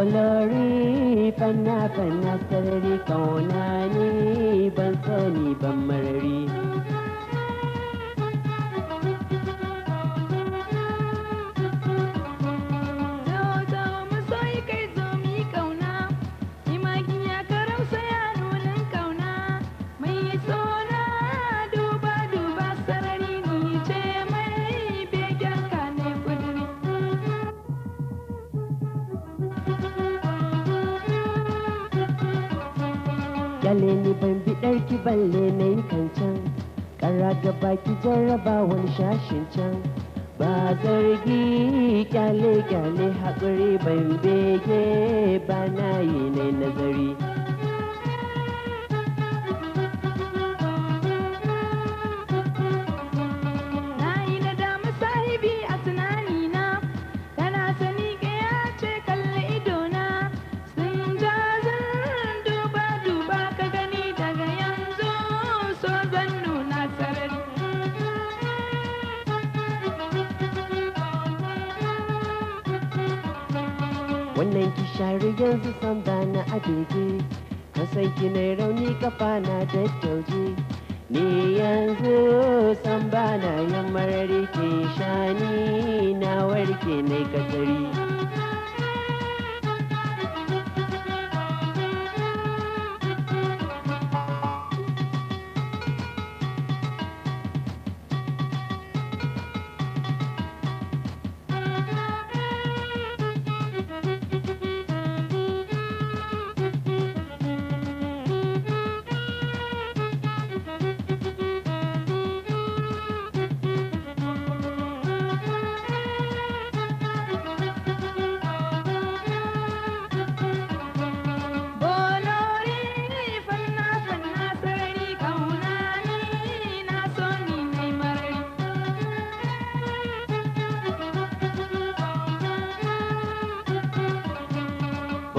olori fanna fanna sarari kauna ni ban so ni ban marari kyale ni ban bi ɗarki balle na yi kancan ƙara gaba ki jarraba wani shashin can ba zargi kyale kyale haƙuri ban bege ba na yi nai nazari wannan ki share yanzu sanda na ajeje kasan ki na rauni kafa da daddauje ni yanzu san bana yammarar ki shani na warke ne kasar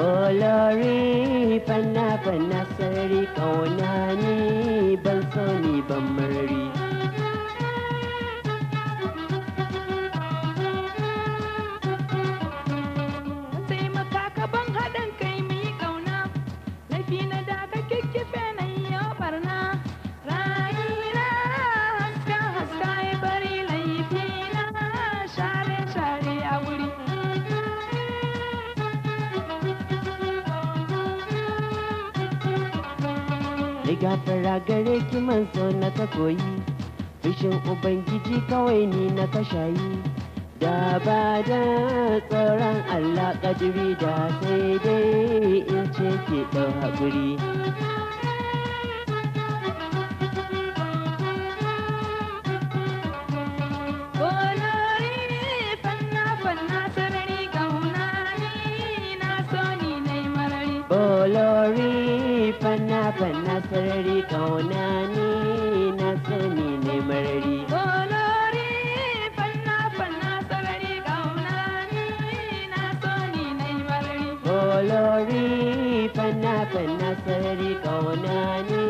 Polari panna panna sari kaunani bal da gafara gare ki manzo na ta koyi fishin ubangiji kawai ni na kashayi da ba da tsoron allah kadiri da sai dai in ce ki ɗau haƙuri Glory. fanna fanna sarari kauna ne na sani ne marari kolori fanna fanna sarari kauna ne na sani ne marari kolori fanna fanna sarari kauna ne